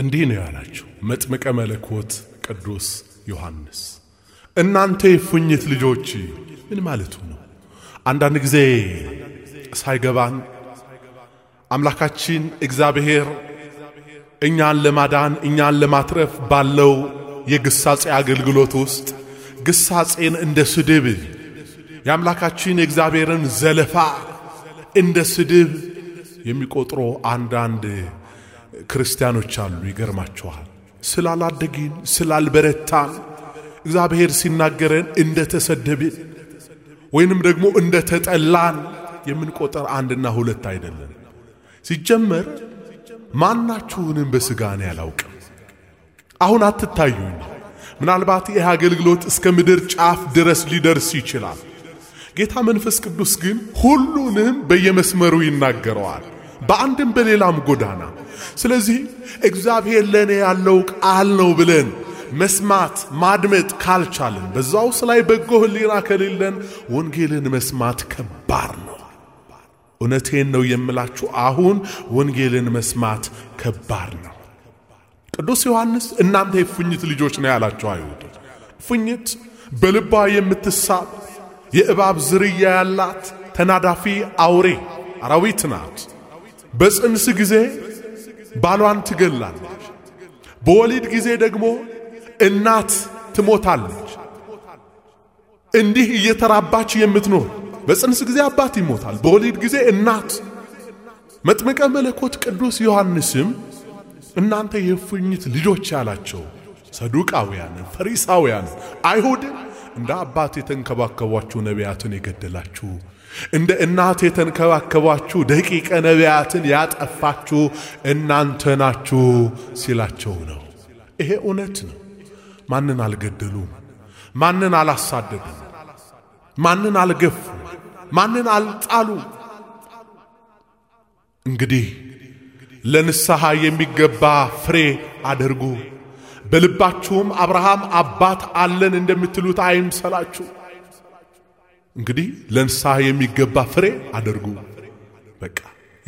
እንዲህ ነው ያላቸው መጥምቀ መለኮት ቅዱስ ዮሐንስ። እናንተ የፉኝት ልጆች ምን ማለቱ ነው? አንዳንድ ጊዜ ሳይገባን አምላካችን እግዚአብሔር እኛን ለማዳን እኛን ለማትረፍ ባለው የግሳጼ አገልግሎት ውስጥ ግሳጼን እንደ ስድብ የአምላካችን የእግዚአብሔርን ዘለፋ እንደ ስድብ የሚቆጥሮ አንዳንድ ክርስቲያኖች አሉ። ይገርማችኋል። ስላላደግን ስላልበረታን እግዚአብሔር ሲናገረን ተሰደብን ወይንም ደግሞ እንደተጠላን የምንቆጠር አንድና ሁለት አይደለም። ሲጀመር ማናችሁንም በስጋ አላውቅም። አሁን አትታዩኝ። ምናልባት ይህ አገልግሎት እስከ ምድር ጫፍ ድረስ ሊደርስ ይችላል። ጌታ መንፈስ ቅዱስ ግን ሁሉንም በየመስመሩ ይናገረዋል። በአንድም በሌላም ጎዳና። ስለዚህ እግዚአብሔር ለእኔ ያለው ቃል ነው ብለን መስማት ማድመጥ ካልቻልን፣ በዛው ላይ በጎ ሕሊና ከሌለን ወንጌልን መስማት ከባድ ነው። እውነቴን ነው የምላችሁ። አሁን ወንጌልን መስማት ከባድ ነው። ቅዱስ ዮሐንስ እናንተ የፉኝት ልጆች ነው ያላቸው አይሁዶች። እፉኝት በልቧ የምትሳብ የእባብ ዝርያ ያላት ተናዳፊ አውሬ አራዊት ናት። በጽንስ ጊዜ ባሏን ትገላለች። በወሊድ ጊዜ ደግሞ እናት ትሞታለች። እንዲህ እየተራባች የምትኖር በጽንስ ጊዜ አባት ይሞታል፣ በወሊድ ጊዜ እናት። መጥምቀ መለኮት ቅዱስ ዮሐንስም እናንተ የእፉኝት ልጆች ያላቸው ሰዱቃውያን፣ ፈሪሳውያን፣ አይሁድን እንደ አባት የተንከባከቧችሁ ነቢያትን የገደላችሁ እንደ እናት የተንከባከቧችሁ ደቂቀ ነቢያትን ያጠፋችሁ እናንተ ናችሁ ሲላቸው ነው። ይሄ እውነት ነው። ማንን አልገደሉም፣ ማንን አላሳደዱም፣ ማንን አልገፉ፣ ማንን አልጣሉ። እንግዲህ ለንስሐ የሚገባ ፍሬ አድርጉ። በልባችሁም አብርሃም አባት አለን እንደምትሉት አይምሰላችሁ። እንግዲህ ለንስሐ የሚገባ ፍሬ አድርጉ። በቃ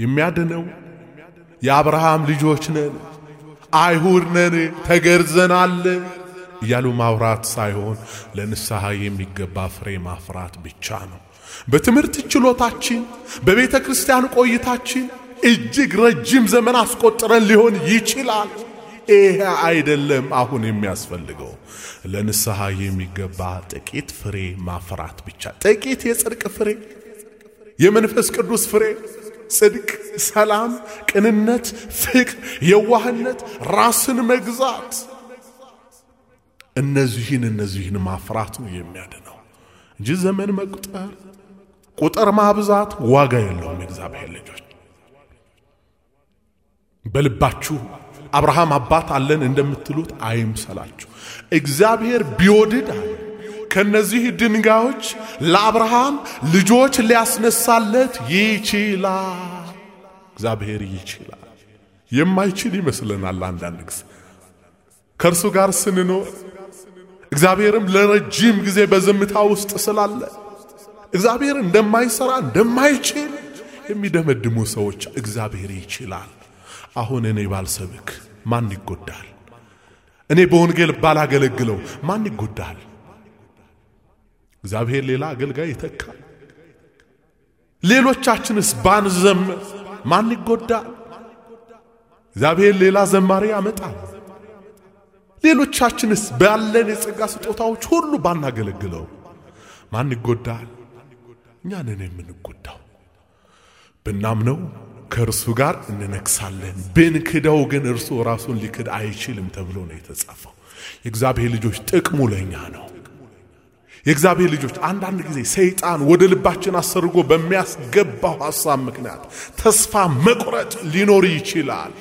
የሚያድነው የአብርሃም ልጆች ነን፣ አይሁድ ነን፣ ተገርዘናል እያሉ ማውራት ሳይሆን ለንስሐ የሚገባ ፍሬ ማፍራት ብቻ ነው። በትምህርት ችሎታችን፣ በቤተ ክርስቲያን ቆይታችን እጅግ ረጅም ዘመን አስቆጥረን ሊሆን ይችላል። ይሄ አይደለም አሁን የሚያስፈልገው። ለንስሐ የሚገባ ጥቂት ፍሬ ማፍራት ብቻ፣ ጥቂት የጽድቅ ፍሬ፣ የመንፈስ ቅዱስ ፍሬ ጽድቅ፣ ሰላም፣ ቅንነት፣ ፍቅር፣ የዋህነት፣ ራስን መግዛት እነዚህን እነዚህን ማፍራት ነው የሚያድነው እንጂ ዘመን መቁጠር፣ ቁጥር ማብዛት ዋጋ የለውም። የእግዚአብሔር ልጆች በልባችሁ አብርሃም አባት አለን እንደምትሉት አይምሰላችሁ። እግዚአብሔር ቢወድድ አለ ከነዚህ ድንጋዮች ለአብርሃም ልጆች ሊያስነሳለት ይችላል። እግዚአብሔር ይችላል። የማይችል ይመስለናል አንዳንድ ጊዜ ከእርሱ ጋር ስንኖር እግዚአብሔርም ለረጅም ጊዜ በዝምታ ውስጥ ስላለ እግዚአብሔር እንደማይሰራ እንደማይችል የሚደመድሙ ሰዎች እግዚአብሔር ይችላል አሁን እኔ ባልሰብክ ማን ይጎዳል? እኔ በወንጌል ባላገለግለው ማን ይጎዳል? እግዚአብሔር ሌላ አገልጋይ ይተካል። ሌሎቻችንስ ባንዘም ማን ይጎዳል? እግዚአብሔር ሌላ ዘማሪ ያመጣል። ሌሎቻችንስ ባለን የጸጋ ስጦታዎች ሁሉ ባናገለግለው ማን ይጎዳል? እኛ ነን የምንጎዳው ብናምነው ከእርሱ ጋር እንነግሳለን። ብንክደው ግን እርሱ ራሱን ሊክድ አይችልም ተብሎ ነው የተጻፈው። የእግዚአብሔር ልጆች ጥቅሙ ለኛ ነው። የእግዚአብሔር ልጆች አንዳንድ ጊዜ ሰይጣን ወደ ልባችን አሰርጎ በሚያስገባው ሐሳብ ምክንያት ተስፋ መቁረጥ ሊኖር ይችላል።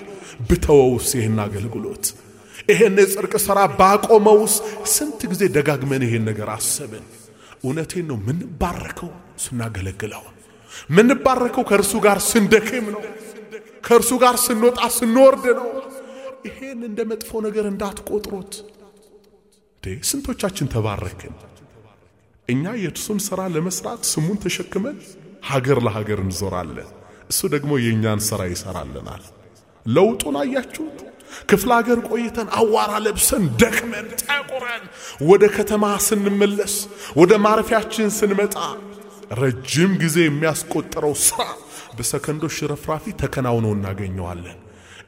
ብተወውስ ይህን አገልግሎት ይህን የጽርቅ ሥራ ባቆመውስ? ስንት ጊዜ ደጋግመን ይሄን ነገር አሰብን። እውነቴን ነው የምንባረከው ስናገለግለው የምንባረከው ከእርሱ ጋር ስንደክም ነው። ከእርሱ ጋር ስንወጣ ስንወርድ ነው። ይሄን እንደ መጥፎ ነገር እንዳትቆጥሩት። ስንቶቻችን ተባረክን? እኛ የእርሱን ሥራ ለመስራት ስሙን ተሸክመን ሀገር ለሀገር እንዞራለን። እሱ ደግሞ የእኛን ሥራ ይሠራልናል። ለውጡን አያችሁት? ክፍለ አገር ቆይተን አዋራ ለብሰን ደክመን ጠቁረን ወደ ከተማ ስንመለስ፣ ወደ ማረፊያችን ስንመጣ ረጅም ጊዜ የሚያስቆጠረው ስራ በሰከንዶች ሽረፍራፊ ተከናውኖ እናገኘዋለን።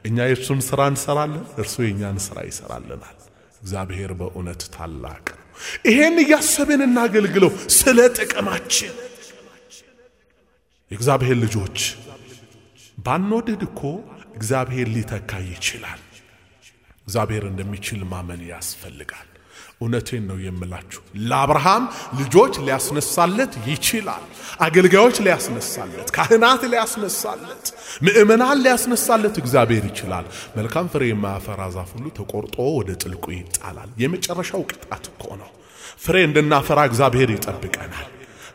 እኛ የእርሱን ስራ እንሰራለን፣ እርሱ የእኛን ስራ ይሰራልናል። እግዚአብሔር በእውነት ታላቅ ነው። ይሄን እያሰብን እናገልግለው ስለ ጥቅማችን። የእግዚአብሔር ልጆች ባንወድድ እኮ እግዚአብሔር ሊተካ ይችላል። እግዚአብሔር እንደሚችል ማመን ያስፈልጋል። እውነቴን ነው የምላችሁ፣ ለአብርሃም ልጆች ሊያስነሳለት ይችላል። አገልጋዮች ሊያስነሳለት፣ ካህናት ሊያስነሳለት፣ ምእመናን ሊያስነሳለት እግዚአብሔር ይችላል። መልካም ፍሬ የማያፈራ ዛፍ ሁሉ ተቆርጦ ወደ ጥልቁ ይጣላል። የመጨረሻው ቅጣት እኮ ነው። ፍሬ እንድናፈራ እግዚአብሔር ይጠብቀናል።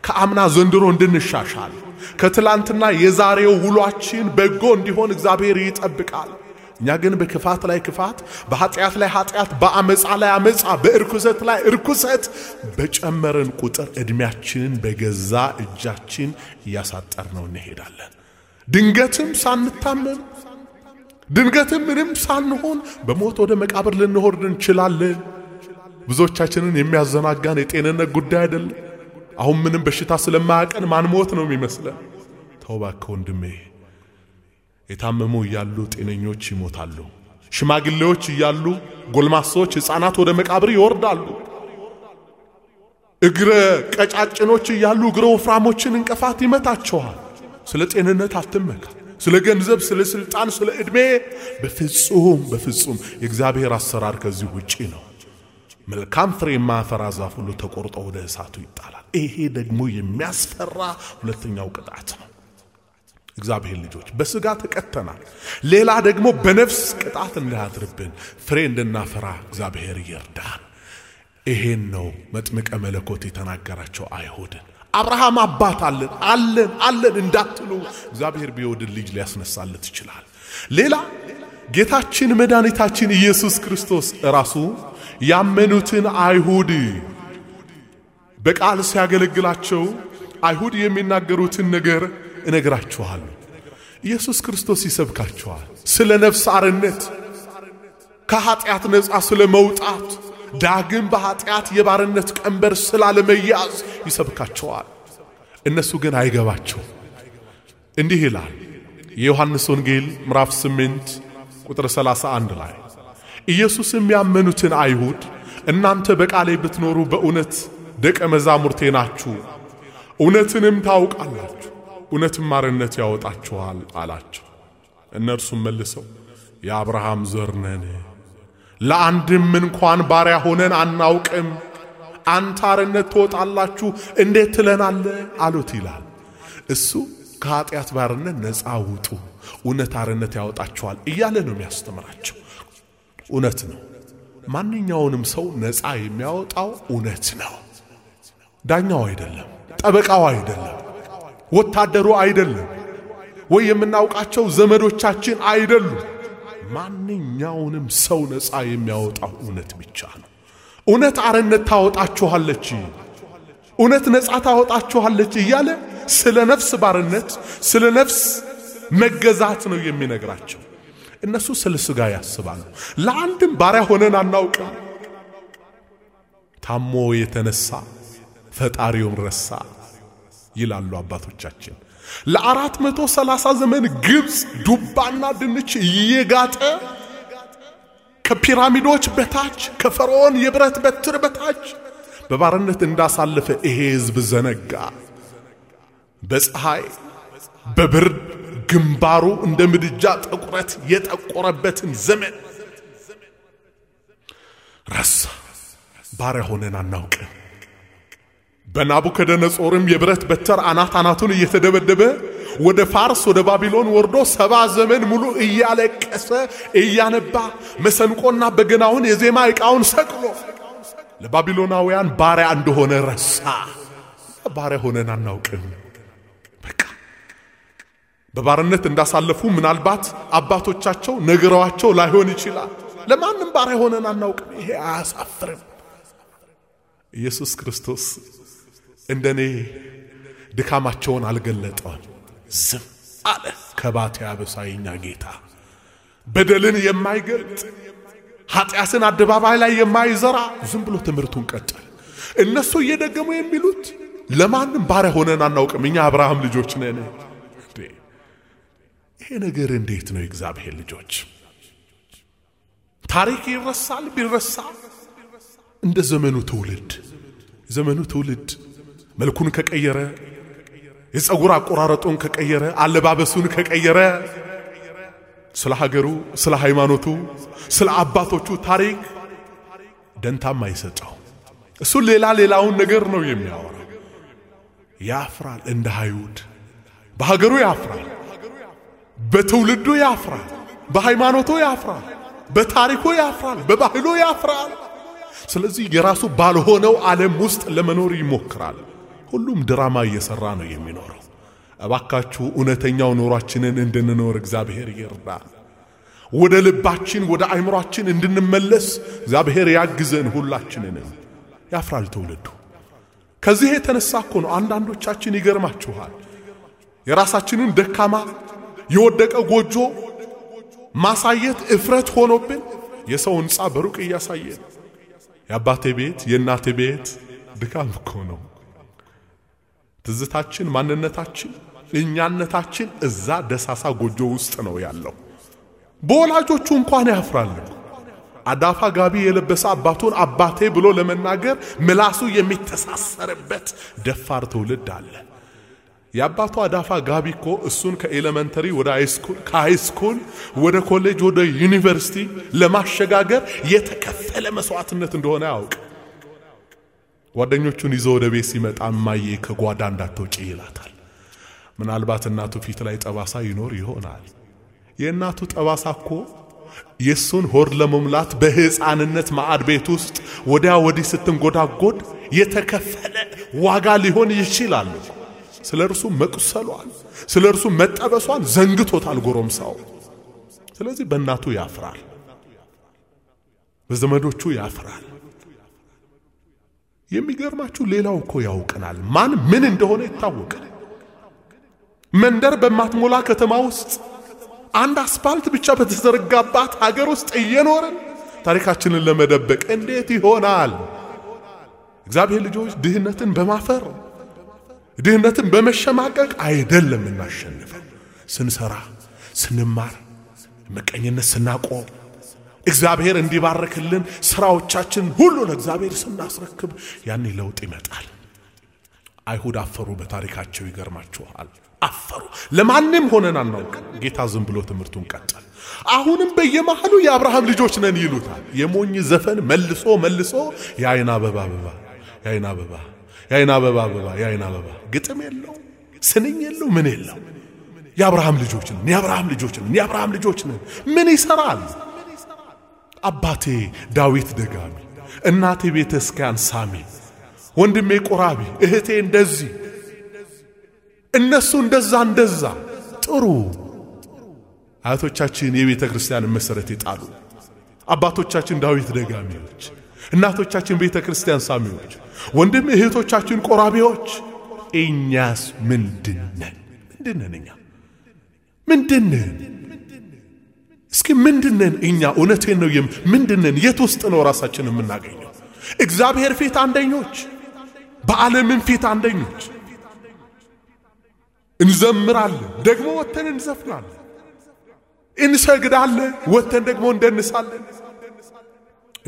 ከአምና ዘንድሮ እንድንሻሻል፣ ከትላንትና የዛሬው ውሏችን በጎ እንዲሆን እግዚአብሔር ይጠብቃል። እኛ ግን በክፋት ላይ ክፋት፣ በኃጢአት ላይ ኃጢአት፣ በአመፃ ላይ አመፃ፣ በእርኩሰት ላይ እርኩሰት በጨመርን ቁጥር ዕድሜያችንን በገዛ እጃችን እያሳጠርነው እንሄዳለን። ድንገትም ሳንታመም ድንገትም ምንም ሳንሆን በሞት ወደ መቃብር ልንወርድ እንችላለን። ብዙዎቻችንን የሚያዘናጋን የጤንነት ጉዳይ አይደለም። አሁን ምንም በሽታ ስለማያቀን ማንሞት ነው የሚመስለን። ተው እባክህ ወንድሜ የታመሙ እያሉ ጤነኞች ይሞታሉ። ሽማግሌዎች እያሉ ጎልማሶች፣ ሕፃናት ወደ መቃብር ይወርዳሉ። እግረ ቀጫጭኖች እያሉ እግረ ወፍራሞችን እንቅፋት ይመታቸዋል። ስለ ጤንነት አትመካ። ስለ ገንዘብ፣ ስለ ስልጣን፣ ስለ ዕድሜ በፍጹም በፍጹም። የእግዚአብሔር አሰራር ከዚህ ውጪ ነው። መልካም ፍሬ የማያፈራ ዛፍ ሁሉ ተቆርጦ ወደ እሳቱ ይጣላል። ይሄ ደግሞ የሚያስፈራ ሁለተኛው ቅጣት ነው። እግዚአብሔር ልጆች በስጋ ተቀተናል። ሌላ ደግሞ በነፍስ ቅጣት እንዳያድርብን ፍሬ እንድናፈራ እግዚአብሔር ይርዳን። ይሄን ነው መጥምቀ መለኮት የተናገራቸው አይሁድን። አብርሃም አባት አለን አለን አለን እንዳትሉ እግዚአብሔር ቢወድን ልጅ ሊያስነሳለት ይችላል። ሌላ ጌታችን መድኃኒታችን ኢየሱስ ክርስቶስ ራሱ ያመኑትን አይሁድ በቃል ሲያገለግላቸው አይሁድ የሚናገሩትን ነገር እነግራችኋለሁ። ኢየሱስ ክርስቶስ ይሰብካችኋል። ስለ ነፍስ አርነት፣ ከኀጢአት ነፃ ስለ መውጣት፣ ዳግም በኀጢአት የባርነት ቀንበር ስላለመያዝ ይሰብካችኋል። እነሱ ግን አይገባቸው። እንዲህ ይላል የዮሐንስ ወንጌል ምዕራፍ 8 ቁጥር 31 ላይ ኢየሱስ የሚያመኑትን አይሁድ እናንተ በቃሌ ብትኖሩ በእውነት ደቀ መዛሙርቴ ናችሁ፣ እውነትንም ታውቃላችሁ እውነትም አርነት ያወጣችኋል አላቸው። እነርሱም መልሰው የአብርሃም ዘር ነን፣ ለአንድም እንኳን ባሪያ ሆነን አናውቅም፣ አንተ አርነት ትወጣላችሁ እንዴት ትለናለ? አሉት ይላል። እሱ ከኀጢአት ባርነት ነፃ ውጡ፣ እውነት አርነት ያወጣችኋል እያለ ነው የሚያስተምራቸው። እውነት ነው። ማንኛውንም ሰው ነፃ የሚያወጣው እውነት ነው። ዳኛው አይደለም፣ ጠበቃው አይደለም። ወታደሩ አይደለም ወይ የምናውቃቸው ዘመዶቻችን አይደሉም። ማንኛውንም ሰው ነፃ የሚያወጣው እውነት ብቻ ነው። እውነት አርነት ታወጣችኋለች፣ እውነት ነፃ ታወጣችኋለች እያለ ስለ ነፍስ ባርነት ስለ ነፍስ መገዛት ነው የሚነግራቸው። እነሱ ስለ ሥጋ ያስባሉ። ለአንድም ባሪያ ሆነን አናውቅም። ታሞ የተነሳ ፈጣሪውን ረሳ። ይላሉ አባቶቻችን። ለአራት መቶ ሰላሳ ዘመን ግብፅ ዱባና ድንች እየጋጠ ከፒራሚዶች በታች ከፈርዖን የብረት በትር በታች በባርነት እንዳሳለፈ ይሄ ሕዝብ ዘነጋ። በፀሐይ በብርድ ግንባሩ እንደ ምድጃ ጥቁረት የጠቆረበትን ዘመን ረሳ። ባሪያ ሆነን አናውቅም። በናቡከደነጾርም የብረት በትር አናት አናቱን እየተደበደበ ወደ ፋርስ ወደ ባቢሎን ወርዶ ሰባ ዘመን ሙሉ እያለቀሰ እያነባ መሰንቆና በገናውን የዜማ ዕቃውን ሰቅሎ ለባቢሎናውያን ባሪያ እንደሆነ ረሳ። ባሪያ ሆነን አናውቅም። በቃ በባርነት እንዳሳለፉ ምናልባት አባቶቻቸው ነግረዋቸው ላይሆን ይችላል። ለማንም ባሪያ ሆነን አናውቅም። ይሄ አያሳፍርም። ኢየሱስ ክርስቶስ እንደ እኔ ድካማቸውን አልገለጠም፣ ዝም አለ። ከባት ያበሳይኛ ጌታ በደልን የማይገልጥ ኃጢአትን አደባባይ ላይ የማይዘራ ዝም ብሎ ትምህርቱን ቀጠል። እነሱ እየደገሙ የሚሉት ለማንም ባሪያ ሆነን አናውቅም፣ እኛ አብርሃም ልጆች ነን። ይሄ ነገር እንዴት ነው? የእግዚአብሔር ልጆች ታሪክ ይረሳል። ቢረሳ እንደ ዘመኑ ትውልድ ዘመኑ ትውልድ መልኩን ከቀየረ፣ የፀጉር አቆራረጡን ከቀየረ፣ አለባበሱን ከቀየረ ስለ ሀገሩ፣ ስለ ሃይማኖቱ፣ ስለ አባቶቹ ታሪክ ደንታም አይሰጠው። እሱ ሌላ ሌላውን ነገር ነው የሚያወራ። ያፍራል፣ እንደ አይሁድ በሀገሩ ያፍራል፣ በትውልዱ ያፍራል፣ በሃይማኖቱ ያፍራል፣ በታሪኩ ያፍራል፣ በባህሉ ያፍራል። ስለዚህ የራሱ ባልሆነው ዓለም ውስጥ ለመኖር ይሞክራል። ሁሉም ድራማ እየሰራ ነው የሚኖረው። እባካችሁ እውነተኛው ኑሯችንን እንድንኖር እግዚአብሔር ይርዳ። ወደ ልባችን ወደ አእምሯችን እንድንመለስ እግዚአብሔር ያግዘን። ሁላችንንም ያፍራል ትውልዱ። ከዚህ የተነሳ እኮ ነው አንዳንዶቻችን ይገርማችኋል የራሳችንን ደካማ የወደቀ ጎጆ ማሳየት እፍረት ሆኖብን የሰው ሕንፃ በሩቅ እያሳየን የአባቴ ቤት የእናቴ ቤት ድካም እኮ ነው። ትዝታችን፣ ማንነታችን፣ እኛነታችን እዛ ደሳሳ ጎጆ ውስጥ ነው ያለው። በወላጆቹ እንኳን ያፍራል። አዳፋ ጋቢ የለበሰ አባቱን አባቴ ብሎ ለመናገር ምላሱ የሚተሳሰርበት ደፋር ትውልድ አለ። የአባቱ አዳፋ ጋቢ እኮ እሱን ከኤሌመንተሪ ወደ ሃይስኩል ከሃይስኩል ወደ ኮሌጅ ወደ ዩኒቨርሲቲ ለማሸጋገር የተከፈለ መስዋዕትነት እንደሆነ ያውቅ ጓደኞቹን ይዞ ወደ ቤት ሲመጣ እማዬ ከጓዳ እንዳትወጪ ይላታል። ምናልባት እናቱ ፊት ላይ ጠባሳ ይኖር ይሆናል። የእናቱ ጠባሳ እኮ የእሱን ሆድ ለመሙላት በሕፃንነት ማዕድ ቤት ውስጥ ወዲያ ወዲህ ስትንጎዳጎድ የተከፈለ ዋጋ ሊሆን ይችላል። ስለ እርሱ መቁሰሏን፣ ስለ እርሱ መጠበሷን ዘንግቶታል ጎረምሳው። ስለዚህ በእናቱ ያፍራል፣ በዘመዶቹ ያፍራል። የሚገርማችሁ ሌላው እኮ ያውቀናል። ማን ምን እንደሆነ ይታወቃል። መንደር በማትሞላ ከተማ ውስጥ አንድ አስፓልት ብቻ በተዘረጋባት ሀገር ውስጥ እየኖረን ታሪካችንን ለመደበቅ እንዴት ይሆናል? እግዚአብሔር ልጆች ድህነትን በማፈር ድህነትን በመሸማቀቅ አይደለም እናሸንፈው። ስንሰራ፣ ስንማር፣ ምቀኝነት ስናቆም እግዚአብሔር እንዲባርክልን ስራዎቻችን ሁሉ ለእግዚአብሔር ስናስረክብ ያኔ ለውጥ ይመጣል። አይሁድ አፈሩ። በታሪካቸው ይገርማችኋል። አፈሩ። ለማንም ሆነን አናውቅ። ጌታ ዝም ብሎ ትምህርቱን ቀጠል። አሁንም በየመሃሉ የአብርሃም ልጆች ነን ይሉታል። የሞኝ ዘፈን መልሶ መልሶ የአይን አበባ አበባ የአይን አበባ የአይን አበባ አበባ የአይን አበባ ግጥም የለው ስንኝ የለው ምን የለው። የአብርሃም ልጆች ነን፣ የአብርሃም ልጆች ነን፣ የአብርሃም ልጆች ነን። ምን ይሰራል? አባቴ ዳዊት ደጋሚ፣ እናቴ ቤተ ክርስቲያን ሳሚ፣ ወንድሜ ቆራቢ፣ እህቴ እንደዚህ፣ እነሱ እንደዛ እንደዛ ጥሩ አያቶቻችን የቤተ ክርስቲያን መሰረት ይጣሉ። አባቶቻችን ዳዊት ደጋሚዎች፣ እናቶቻችን ቤተ ክርስቲያን ሳሚዎች፣ ወንድም እህቶቻችን ቆራቢዎች። እኛስ ምንድነን? ምንድነን? እኛ ምንድነን? እስኪ ምንድነን እኛ? እውነቴን ነው። ይም ምንድነን? የት ውስጥ ነው ራሳችን የምናገኘው? እግዚአብሔር ፊት አንደኞች፣ በዓለምን ፊት አንደኞች። እንዘምራለን፣ ደግሞ ወተን እንዘፍናለን። እንሰግዳለን፣ ወተን ደግሞ እንደንሳለን።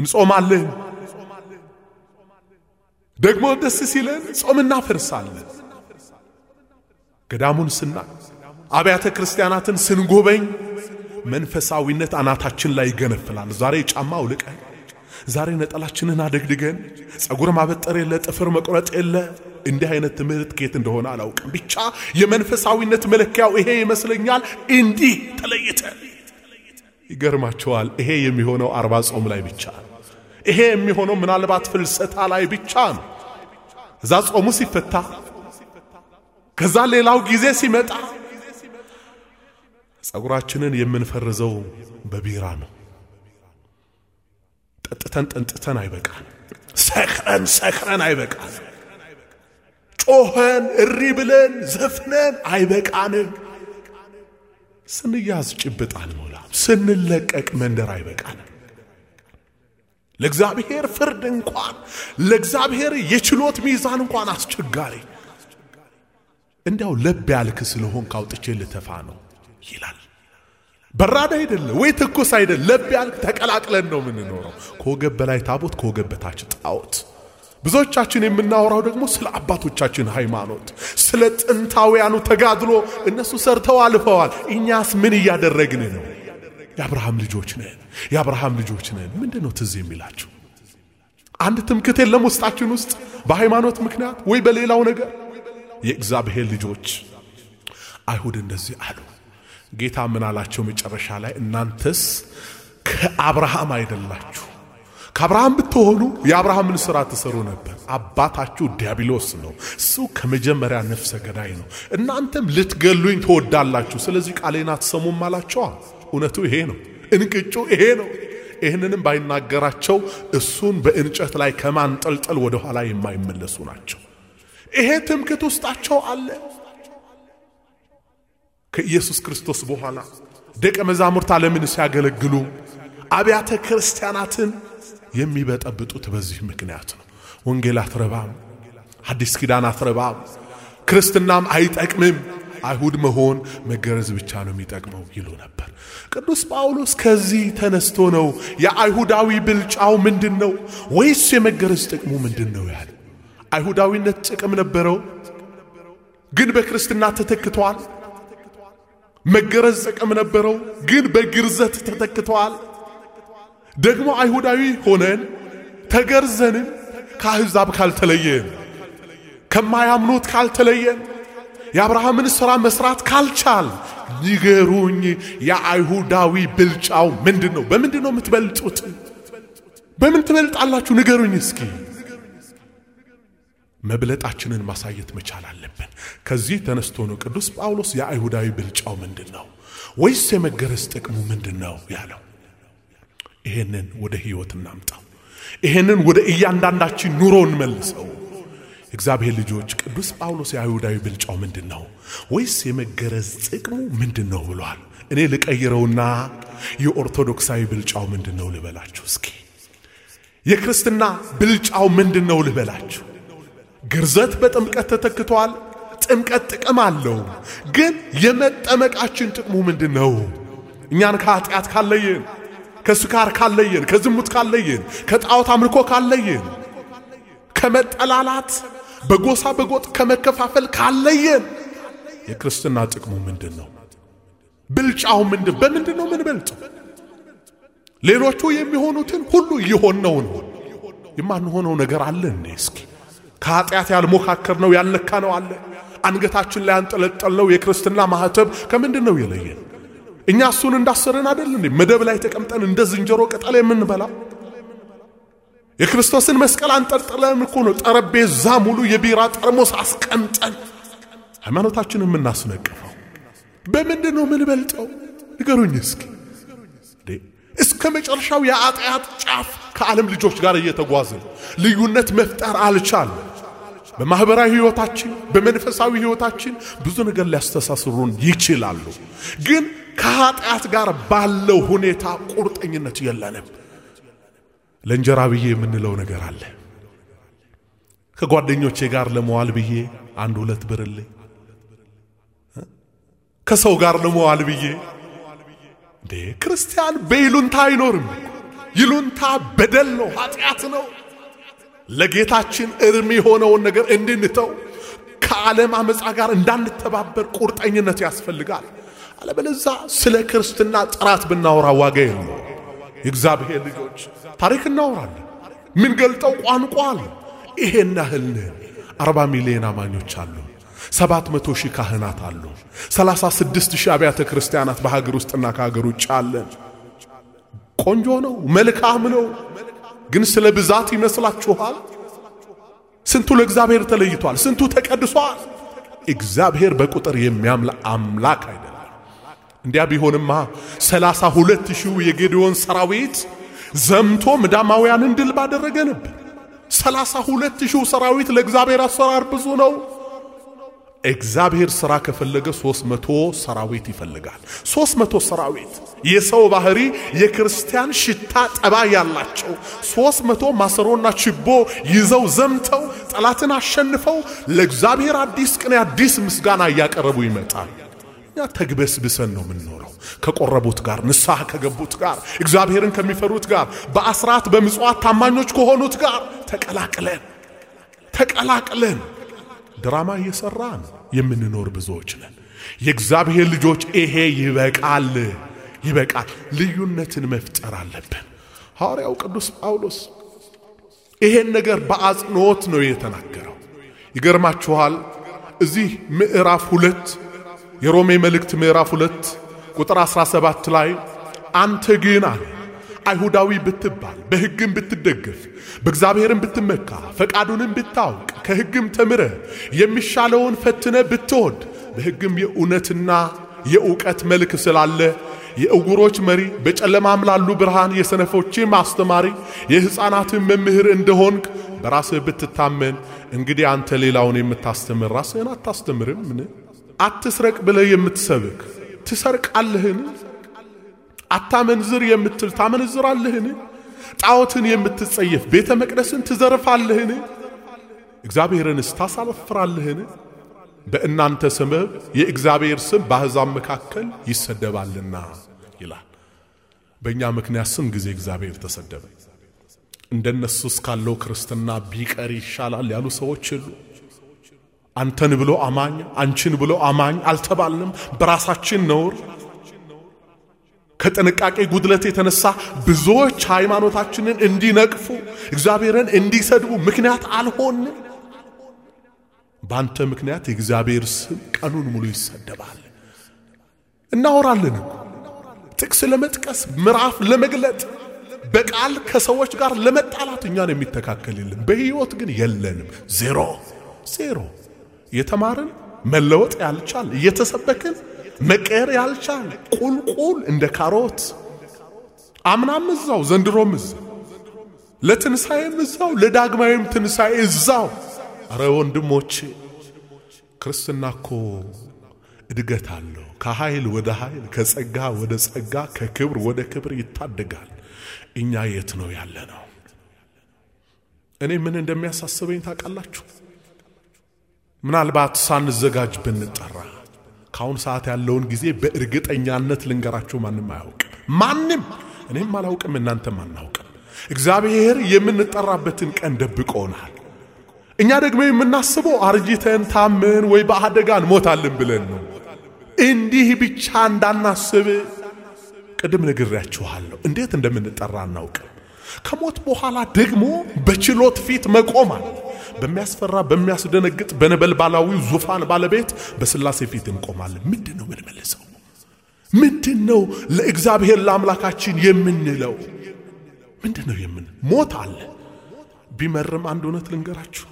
እንጾማለን፣ ደግሞ ደስ ሲለን ጾም እናፈርሳለን። ገዳሙን ስና አብያተ ክርስቲያናትን ስንጎበኝ መንፈሳዊነት አናታችን ላይ ይገነፍላል። ዛሬ ጫማ አውልቀን፣ ዛሬ ነጠላችንን አደግድገን፣ ጸጉር ማበጠር የለ ጥፍር መቁረጥ የለ። እንዲህ አይነት ትምህርት ከየት እንደሆነ አላውቅም። ብቻ የመንፈሳዊነት መለኪያው ይሄ ይመስለኛል። እንዲህ ተለይተ ይገርማቸዋል። ይሄ የሚሆነው አርባ ጾም ላይ ብቻ ይሄ የሚሆነው ምናልባት ፍልሰታ ላይ ብቻ ነው። እዛ ጾሙ ሲፈታ ከዛ ሌላው ጊዜ ሲመጣ ጸጉራችንን የምንፈርዘው በቢራ ነው። ጠጥተን ጠንጥተን አይበቃን፣ ሰክረን ሰክረን አይበቃን፣ ጮኸን እሪ ብለን ዘፍነን አይበቃንም። ስንያዝ ጭብጥ አንሞላም፣ ስንለቀቅ መንደር አይበቃንም። ለእግዚአብሔር ፍርድ እንኳን ለእግዚአብሔር የችሎት ሚዛን እንኳን አስቸጋሪ። እንዲያው ለብ ያልክ ስለሆን ካውጥቼ ልተፋ ነው ይላል። በራዳ አይደለ ወይ ትኩስ አይደለ ለቢያን ተቀላቅለን ነው የምንኖረው። ከወገብ በላይ ታቦት፣ ከወገብ በታች ጣዖት። ብዙዎቻችን የምናወራው ደግሞ ስለ አባቶቻችን ሃይማኖት፣ ስለ ጥንታውያኑ ተጋድሎ። እነሱ ሰርተው አልፈዋል። እኛስ ምን እያደረግን ነው? የአብርሃም ልጆች ነን፣ የአብርሃም ልጆች ነን። ምንድን ነው ትዝ የሚላችሁ? አንድ ትምክህት የለም ውስጣችን ውስጥ በሃይማኖት ምክንያት ወይ በሌላው ነገር የእግዚአብሔር ልጆች አይሁድ እንደዚህ አሉ። ጌታ ምን አላቸው? መጨረሻ ላይ እናንተስ ከአብርሃም አይደላችሁ። ከአብርሃም ብትሆኑ የአብርሃምን ሥራ ተሰሩ ነበር። አባታችሁ ዲያብሎስ ነው። እሱ ከመጀመሪያ ነፍሰ ገዳይ ነው። እናንተም ልትገሉኝ ትወዳላችሁ። ስለዚህ ቃሌን አትሰሙም አላቸዋ። እውነቱ ይሄ ነው። እንቅጩ ይሄ ነው። ይህንንም ባይናገራቸው እሱን በእንጨት ላይ ከማንጠልጠል ወደኋላ የማይመለሱ ናቸው። ይሄ ትምክት ውስጣቸው አለ። ከኢየሱስ ክርስቶስ በኋላ ደቀ መዛሙርት ዓለምን ሲያገለግሉ አብያተ ክርስቲያናትን የሚበጠብጡት በዚህ ምክንያት ነው። ወንጌል አትረባም፣ አዲስ ኪዳን አትረባም፣ ክርስትናም አይጠቅምም፣ አይሁድ መሆን መገረዝ ብቻ ነው የሚጠቅመው ይሉ ነበር። ቅዱስ ጳውሎስ ከዚህ ተነስቶ ነው የአይሁዳዊ ብልጫው ምንድን ነው ወይስ የመገረዝ ጥቅሙ ምንድን ነው ያለ። አይሁዳዊነት ጥቅም ነበረው፣ ግን በክርስትና ተተክቷል። መገረዝ ጥቅም ነበረው፣ ግን በግርዘት ተተክተዋል። ደግሞ አይሁዳዊ ሆነን ተገርዘን ከአሕዛብ ካልተለየን ከማያምኑት ካልተለየን የአብርሃምን ሥራ መሥራት ካልቻል ንገሩኝ፣ የአይሁዳዊ ብልጫው ምንድን ነው? በምንድን ነው የምትበልጡት? በምን ትበልጣላችሁ? ንገሩኝ እስኪ። መብለጣችንን ማሳየት መቻል አለብን። ከዚህ ተነስቶ ነው ቅዱስ ጳውሎስ የአይሁዳዊ ብልጫው ምንድን ነው ወይስ የመገረዝ ጥቅሙ ምንድን ነው ያለው። ይሄንን ወደ ሕይወት እናምጣው። ይሄንን ወደ እያንዳንዳችን ኑሮ እንመልሰው። እግዚአብሔር ልጆች፣ ቅዱስ ጳውሎስ የአይሁዳዊ ብልጫው ምንድን ነው ወይስ የመገረዝ ጥቅሙ ምንድን ነው ብሏል። እኔ ልቀይረውና የኦርቶዶክሳዊ ብልጫው ምንድን ነው ልበላችሁ። እስኪ የክርስትና ብልጫው ምንድን ነው ልበላችሁ። ግርዘት በጥምቀት ተተክቷል። ጥምቀት ጥቅም አለው። ግን የመጠመቃችን ጥቅሙ ምንድን ነው? እኛን ከኃጢአት ካለየን፣ ከስካር ካለየን፣ ከዝሙት ካለየን፣ ከጣዖት አምልኮ ካለየን፣ ከመጠላላት በጎሳ በጎጥ ከመከፋፈል ካለየን የክርስትና ጥቅሙ ምንድን ነው? ብልጫው ምንድን በምንድን ነው ምንበልጠው? ሌሎቹ የሚሆኑትን ሁሉ እየሆንነው ነው። የማንሆነው ነገር አለ እኔ እስኪ ከኃጢአት ያልሞካከር ነው ያልነካ ነው አለ። አንገታችን ላይ ያንጠለጠል ነው የክርስትና ማህተብ ከምንድን ነው የለየን? እኛ እሱን እንዳሰረን አደል እንዴ? መደብ ላይ ተቀምጠን እንደ ዝንጀሮ ቅጠል የምንበላ የክርስቶስን መስቀል አንጠልጥለን እኮ ነው ጠረጴዛ ሙሉ የቢራ ጠርሙስ አስቀምጠን ሃይማኖታችን የምናስነቅፈው። በምንድን ነው የምንበልጠው? ንገሩኝ እስኪ። እስከ መጨረሻው የኃጢአት ጫፍ ከዓለም ልጆች ጋር እየተጓዝን ልዩነት መፍጠር አልቻለም። በማኅበራዊ ሕይወታችን፣ በመንፈሳዊ ሕይወታችን ብዙ ነገር ሊያስተሳስሩን ይችላሉ። ግን ከኃጢአት ጋር ባለው ሁኔታ ቁርጠኝነት የለንም። ለእንጀራ ብዬ የምንለው ነገር አለ። ከጓደኞቼ ጋር ለመዋል ብዬ አንድ ሁለት ብርልኝ፣ ከሰው ጋር ለመዋል ብዬ እንዴ ክርስቲያን በይሉንታ አይኖርም። ይሉንታ በደል ነው፣ ኃጢአት ነው። ለጌታችን እርም የሆነውን ነገር እንድንተው ከዓለም አመፃ ጋር እንዳንተባበር ቁርጠኝነት ያስፈልጋል። አለበለዛ ስለ ክርስትና ጥራት ብናወራ ዋጋ የለ። የእግዚአብሔር ልጆች ታሪክ እናወራለን፣ ምንገልጠው ቋንቋ አለ። ይሄን ያህል አርባ ሚሊዮን አማኞች አሉ። ሰባት መቶ ሺህ ካህናት አሉ። ሰላሳ ስድስት ሺህ አብያተ ክርስቲያናት በሀገር ውስጥና ከሀገር ውጭ አለን። ቆንጆ ነው፣ መልካም ነው። ግን ስለ ብዛት ይመስላችኋል? ስንቱ ለእግዚአብሔር ተለይቷል? ስንቱ ተቀድሷል? እግዚአብሔር በቁጥር የሚያምል አምላክ አይደለም። እንዲያ ቢሆንማ ሰላሳ ሁለት ሺው የጌዲዮን ሰራዊት ዘምቶ ምዳማውያንን ድል ባደረገ ነበር። ሰላሳ ሁለት ሺው ሰራዊት ለእግዚአብሔር አሰራር ብዙ ነው። እግዚአብሔር ስራ ከፈለገ ሶስት መቶ ሰራዊት ይፈልጋል። ሶስት መቶ ሰራዊት የሰው ባህሪ የክርስቲያን ሽታ ጠባይ ያላቸው ሶስት መቶ ማሰሮና ችቦ ይዘው ዘምተው ጠላትን አሸንፈው ለእግዚአብሔር አዲስ ቅኔ አዲስ ምስጋና እያቀረቡ ይመጣል። እኛ ተግበስብሰን ነው የምንኖረው። ከቆረቡት ጋር ንስሐ ከገቡት ጋር እግዚአብሔርን ከሚፈሩት ጋር በአስራት በምጽዋት ታማኞች ከሆኑት ጋር ተቀላቅለን ተቀላቅለን ድራማ እየሰራን የምንኖር ብዙዎች ነን። የእግዚአብሔር ልጆች ይሄ ይበቃል፣ ይበቃል። ልዩነትን መፍጠር አለብን። ሐዋርያው ቅዱስ ጳውሎስ ይሄን ነገር በአጽንኦት ነው የተናገረው። ይገርማችኋል እዚህ ምዕራፍ ሁለት የሮሜ መልእክት ምዕራፍ ሁለት ቁጥር 17 ላይ አንተ ግን አለ አይሁዳዊ ብትባል በሕግም ብትደገፍ በእግዚአብሔርም ብትመካ ፈቃዱንም ብታውቅ ከሕግም ተምረ የሚሻለውን ፈትነ ብትወድ በሕግም የእውነትና የእውቀት መልክ ስላለ የእውሮች መሪ በጨለማም ላሉ ብርሃን የሰነፎችም አስተማሪ የሕፃናትን መምህር እንደሆንክ በራስህ ብትታመን እንግዲህ አንተ ሌላውን የምታስተምር ራስህን አታስተምርምን? አትስረቅ ብለህ የምትሰብክ ትሰርቃለህን? አታመንዝር የምትል ታመንዝራለህን? ጣዖትን የምትጸየፍ ቤተ መቅደስን ትዘርፋለህን? እግዚአብሔርንስ ታሳፍራለህን? በእናንተ ስምህ የእግዚአብሔር ስም በአሕዛብ መካከል ይሰደባልና ይላል። በእኛ ምክንያት ስም ጊዜ እግዚአብሔር ተሰደበ? እንደነሱ እስካለው ክርስትና ቢቀር ይሻላል ያሉ ሰዎች የሉ? አንተን ብሎ አማኝ፣ አንቺን ብሎ አማኝ አልተባልንም። በራሳችን ነውር ከጥንቃቄ ጉድለት የተነሳ ብዙዎች ሃይማኖታችንን እንዲነቅፉ እግዚአብሔርን እንዲሰድቡ ምክንያት አልሆን። በአንተ ምክንያት የእግዚአብሔር ስም ቀኑን ሙሉ ይሰደባል። እናወራለን እኮ ጥቅስ ለመጥቀስ ምዕራፍ ለመግለጥ በቃል ከሰዎች ጋር ለመጣላት እኛን የሚተካከል የለም። በሕይወት ግን የለንም። ዜሮ ዜሮ። እየተማርን መለወጥ ያልቻል እየተሰበክን መቀየር ያልቻል ቁልቁል እንደ ካሮት አምናም እዛው ዘንድሮም እዛው ለትንሣኤም እዛው ለዳግማዊም ትንሣኤ እዛው። አረ ወንድሞቼ ክርስትና እኮ እድገት አለው። ከኃይል ወደ ኃይል፣ ከጸጋ ወደ ጸጋ፣ ከክብር ወደ ክብር ይታደጋል። እኛ የት ነው ያለ ነው? እኔ ምን እንደሚያሳስበኝ ታውቃላችሁ? ምናልባት ሳንዘጋጅ ብንጠራ ከአሁን ሰዓት ያለውን ጊዜ በእርግጠኛነት ልንገራችሁ፣ ማንም አያውቅም። ማንም እኔም አላውቅም፣ እናንተም አናውቅም። እግዚአብሔር የምንጠራበትን ቀን ደብቆናል። እኛ ደግሞ የምናስበው አርጅተን ታመን ወይ በአደጋ እንሞታለን ብለን ነው። እንዲህ ብቻ እንዳናስብ ቅድም ነግሬያችኋለሁ፣ እንዴት እንደምንጠራ አናውቅም። ከሞት በኋላ ደግሞ በችሎት ፊት መቆማል። በሚያስፈራ በሚያስደነግጥ በነበልባላዊ ዙፋን ባለቤት በስላሴ ፊት እንቆማለን። ምንድን ነው የምንመልሰው? ምንድን ነው ለእግዚአብሔር ለአምላካችን የምንለው? ምንድን ነው የምን ሞት አለ። ቢመርም አንድ እውነት ልንገራችሁ፣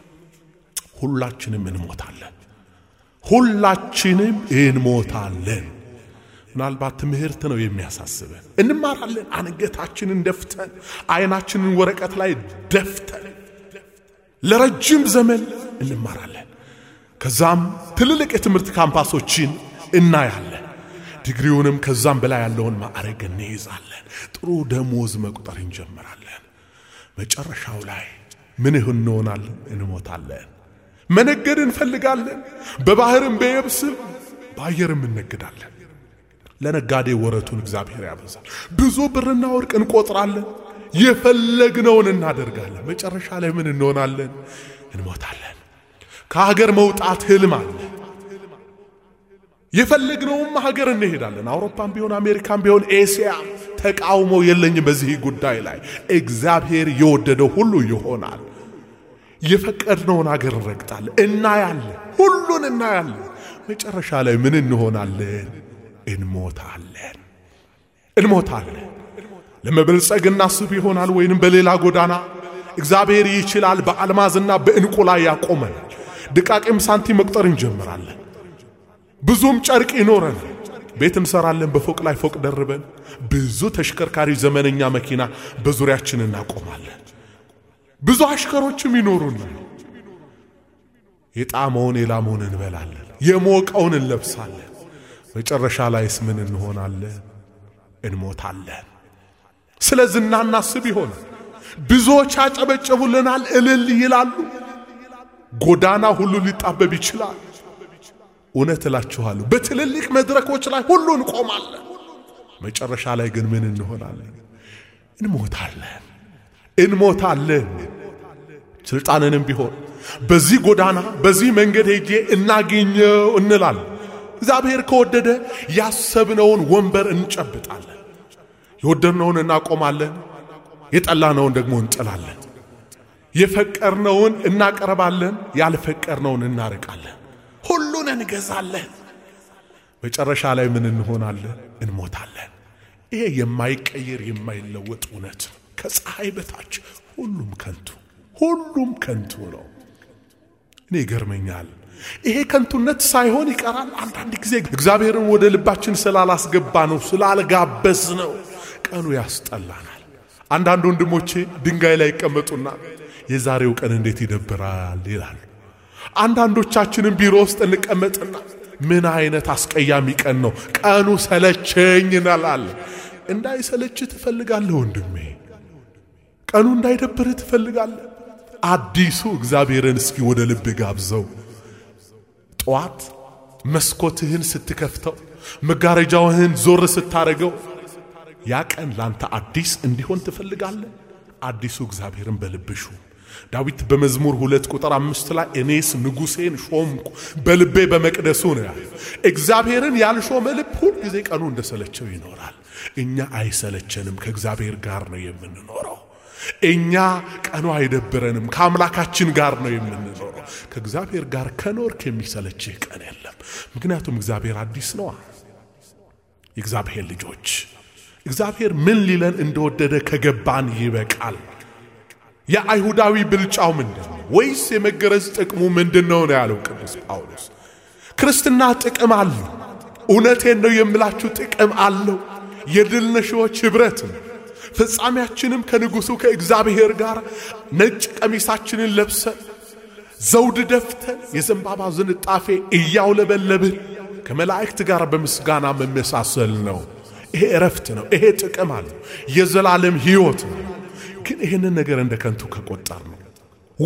ሁላችንም እንሞታለን። ሁላችንም እንሞታለን። ምናልባት ትምህርት ነው የሚያሳስበን። እንማራለን። አንገታችንን ደፍተን አይናችንን ወረቀት ላይ ደፍተን ለረጅም ዘመን እንማራለን። ከዛም ትልልቅ የትምህርት ካምፓሶችን እናያለን። ዲግሪውንም ከዛም በላይ ያለውን ማዕረግ እንይዛለን። ጥሩ ደሞዝ መቁጠር እንጀምራለን። መጨረሻው ላይ ምን ይህ እንሆናለን? እንሞታለን። መነገድ እንፈልጋለን። በባህርም በየብስም በአየርም እንነግዳለን። ለነጋዴ ወረቱን እግዚአብሔር ያበዛል። ብዙ ብርና ወርቅ እንቆጥራለን፣ የፈለግነውን እናደርጋለን። መጨረሻ ላይ ምን እንሆናለን? እንሞታለን። ከሀገር መውጣት ህልም አለ። የፈለግነውም ሀገር እንሄዳለን። አውሮፓም ቢሆን አሜሪካም ቢሆን ኤስያ ተቃውሞ የለኝም በዚህ ጉዳይ ላይ። እግዚአብሔር የወደደው ሁሉ ይሆናል። የፈቀድነውን ሀገር እንረግጣለን፣ እናያለን፣ ሁሉን እናያለን። መጨረሻ ላይ ምን እንሆናለን? እንሞታለን እንሞታለን። ለመበልጸግ እናስብ ይሆናል ወይንም በሌላ ጎዳና እግዚአብሔር ይችላል። በአልማዝና በእንቁ ላይ ያቆመን ድቃቄም ሳንቲም መቁጠር እንጀምራለን። ብዙም ጨርቅ ይኖረን ቤት እንሰራለን። በፎቅ ላይ ፎቅ ደርበን ብዙ ተሽከርካሪ፣ ዘመነኛ መኪና በዙሪያችን እናቆማለን። ብዙ አሽከሮችም ይኖሩናል። የጣመውን የላመውን እንበላለን። የሞቀውን እንለብሳለን። መጨረሻ ላይስ ምን እንሆናለን? እንሞታለን። ስለ ዝና እናስብ ይሆን? ብዙዎች ያጨበጨቡልናል፣ እልል ይላሉ። ጎዳና ሁሉ ሊጣበብ ይችላል። እውነት እላችኋለሁ በትልልቅ መድረኮች ላይ ሁሉ እንቆማለን። መጨረሻ ላይ ግን ምን እንሆናለን? እንሞታለን። እንሞታለን። ስልጣንንም ቢሆን በዚህ ጎዳና በዚህ መንገድ ሄጄ እናገኘው እንላለን። እግዚአብሔር ከወደደ ያሰብነውን ወንበር እንጨብጣለን። የወደድነውን እናቆማለን፣ የጠላነውን ደግሞ እንጥላለን። የፈቀርነውን እናቀርባለን፣ ያልፈቀርነውን እናርቃለን። ሁሉን እንገዛለን። መጨረሻ ላይ ምን እንሆናለን? እንሞታለን። ይሄ የማይቀየር የማይለወጥ እውነት ነው። ከፀሐይ በታች ሁሉም ከንቱ፣ ሁሉም ከንቱ ነው። እኔ ይገርመኛል። ይሄ ከንቱነት ሳይሆን ይቀራል። አንዳንድ ጊዜ እግዚአብሔርን ወደ ልባችን ስላላስገባ ነው፣ ስላልጋበዝ ነው፣ ቀኑ ያስጠላናል። አንዳንድ ወንድሞቼ ድንጋይ ላይ ይቀመጡና የዛሬው ቀን እንዴት ይደብራል ይላሉ። አንዳንዶቻችንን ቢሮ ውስጥ እንቀመጥና ምን አይነት አስቀያሚ ቀን ነው፣ ቀኑ ሰለቸኝ እንላለን። እንዳይሰለች ትፈልጋለህ ወንድሜ፣ ቀኑ እንዳይደብርህ ትፈልጋለህ። አዲሱ እግዚአብሔርን እስኪ ወደ ልብ ጋብዘው። ጠዋት መስኮትህን ስትከፍተው መጋረጃውህን ዞር ስታረገው ያ ቀን ላንተ አዲስ እንዲሆን ትፈልጋለህ። አዲሱ እግዚአብሔርን በልብሹ ዳዊት በመዝሙር ሁለት ቁጥር አምስት ላይ እኔስ ንጉሴን ሾምኩ በልቤ በመቅደሱ ነው ያለ። እግዚአብሔርን ያልሾመ ልብ ሁል ጊዜ ቀኑ እንደሰለቸው ይኖራል። እኛ አይሰለቸንም፣ ከእግዚአብሔር ጋር ነው የምንኖረው። እኛ ቀኑ አይደብረንም። ከአምላካችን ጋር ነው የምንኖረው። ከእግዚአብሔር ጋር ከኖርክ የሚሰለችህ ቀን የለም። ምክንያቱም እግዚአብሔር አዲስ ነዋ። የእግዚአብሔር ልጆች እግዚአብሔር ምን ሊለን እንደወደደ ከገባን ይበቃል። የአይሁዳዊ ብልጫው ምንድን ነው? ወይስ የመገረዝ ጥቅሙ ምንድን ነው ነው ያለው ቅዱስ ጳውሎስ። ክርስትና ጥቅም አለው። እውነቴን ነው የምላችሁ፣ ጥቅም አለው። የድልነሽዎች ኅብረት ነው። ፍጻሜያችንም ከንጉሡ ከእግዚአብሔር ጋር ነጭ ቀሚሳችንን ለብሰን ዘውድ ደፍተን የዘንባባ ዝንጣፌ እያውለበለብን ከመላእክት ጋር በምስጋና መመሳሰል ነው። ይሄ እረፍት ነው። ይሄ ጥቅም አለ። የዘላለም ሕይወት ነው። ግን ይህንን ነገር እንደ ከንቱ ከቆጠር ነው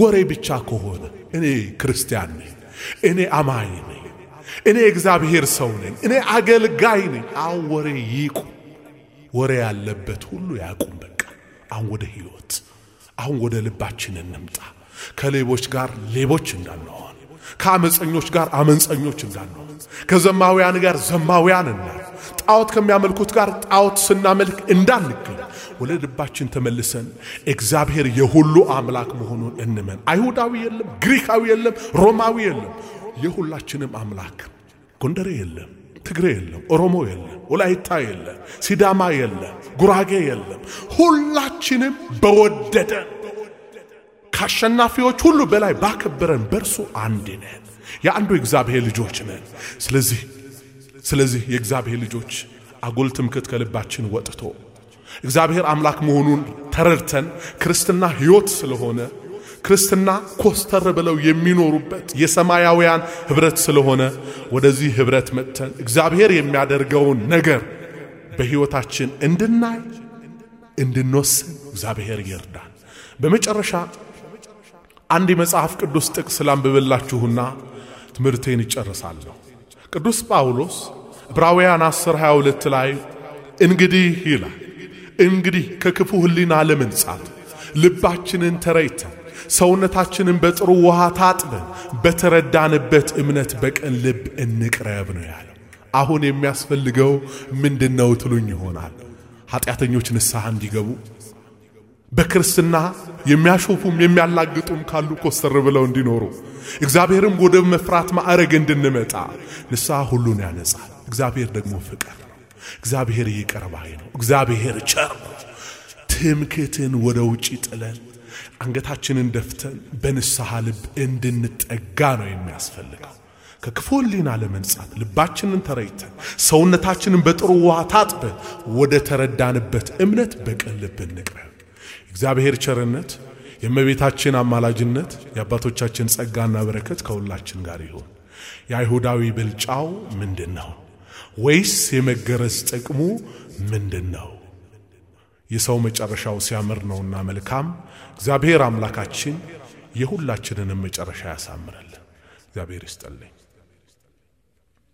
ወሬ ብቻ ከሆነ እኔ ክርስቲያን ነኝ፣ እኔ አማኝ ነኝ፣ እኔ እግዚአብሔር ሰው ነኝ፣ እኔ አገልጋይ ነኝ። አዎ ወሬ ይቁም። ወሬ ያለበት ሁሉ ያቁም። በቃ አሁን ወደ ህይወት፣ አሁን ወደ ልባችን እንምጣ። ከሌቦች ጋር ሌቦች እንዳንሆን፣ ከአመፀኞች ጋር አመንፀኞች እንዳንሆን፣ ከዘማውያን ጋር ዘማውያን እና ጣዖት ከሚያመልኩት ጋር ጣዖት ስናመልክ እንዳንገኝ ወደ ልባችን ተመልሰን እግዚአብሔር የሁሉ አምላክ መሆኑን እንመን። አይሁዳዊ የለም፣ ግሪካዊ የለም፣ ሮማዊ የለም፣ የሁላችንም አምላክ ጎንደሬ የለም ትግሬ የለም፣ ኦሮሞ የለም፣ ወላይታ የለም፣ ሲዳማ የለም፣ ጉራጌ የለም። ሁላችንም በወደደን ከአሸናፊዎች ሁሉ በላይ ባከበረን በእርሱ አንድ ነን። የአንዱ የእግዚአብሔር ልጆች ነን። ስለዚህ ስለዚህ የእግዚአብሔር ልጆች አጉል ትምክት ከልባችን ወጥቶ እግዚአብሔር አምላክ መሆኑን ተረድተን ክርስትና ሕይወት ስለሆነ ክርስትና ኮስተር ብለው የሚኖሩበት የሰማያውያን ኅብረት ስለሆነ ወደዚህ ኅብረት መጥተን እግዚአብሔር የሚያደርገውን ነገር በሕይወታችን እንድናይ እንድንወስን እግዚአብሔር ይርዳል። በመጨረሻ አንድ የመጽሐፍ ቅዱስ ጥቅስ ላንብብላችሁና ትምህርቴን ይጨርሳለሁ። ቅዱስ ጳውሎስ ዕብራውያን 10 22 ላይ እንግዲህ ይላል እንግዲህ ከክፉ ሕሊና ለመንጻት ልባችንን ተረይተን ሰውነታችንን በጥሩ ውሃ ታጥበን በተረዳንበት እምነት በቀን ልብ እንቅረብ ነው ያለው። አሁን የሚያስፈልገው ምንድን ነው ትሉኝ ይሆናል። ኃጢአተኞች ንስሐ እንዲገቡ በክርስትና የሚያሾፉም የሚያላግጡም ካሉ ኮስተር ብለው እንዲኖሩ እግዚአብሔርም ወደ መፍራት ማዕረግ እንድንመጣ ንስሐ ሁሉን ያነጻል። እግዚአብሔር ደግሞ ፍቅር ነው። እግዚአብሔር ይቅር ባይ ነው። እግዚአብሔር ቸር ነው። ትምክህትን ወደ ውጭ ጥለን አንገታችንን ደፍተን በንስሐ ልብ እንድንጠጋ ነው የሚያስፈልገው። ከክፉ ሕሊና ለመንጻት ልባችንን ተረይተን ሰውነታችንን በጥሩ ውሃ ታጥበን ወደ ተረዳንበት እምነት በቅን ልብ እንቅረብ። እግዚአብሔር ቸርነት፣ የእመቤታችን አማላጅነት፣ የአባቶቻችን ጸጋና በረከት ከሁላችን ጋር ይሁን። የአይሁዳዊ ብልጫው ምንድን ነው? ወይስ የመገረዝ ጥቅሙ ምንድን ነው? የሰው መጨረሻው ሲያምር ነውና መልካም እግዚአብሔር አምላካችን የሁላችንንም መጨረሻ ያሳምረልን። እግዚአብሔር ይስጠልኝ።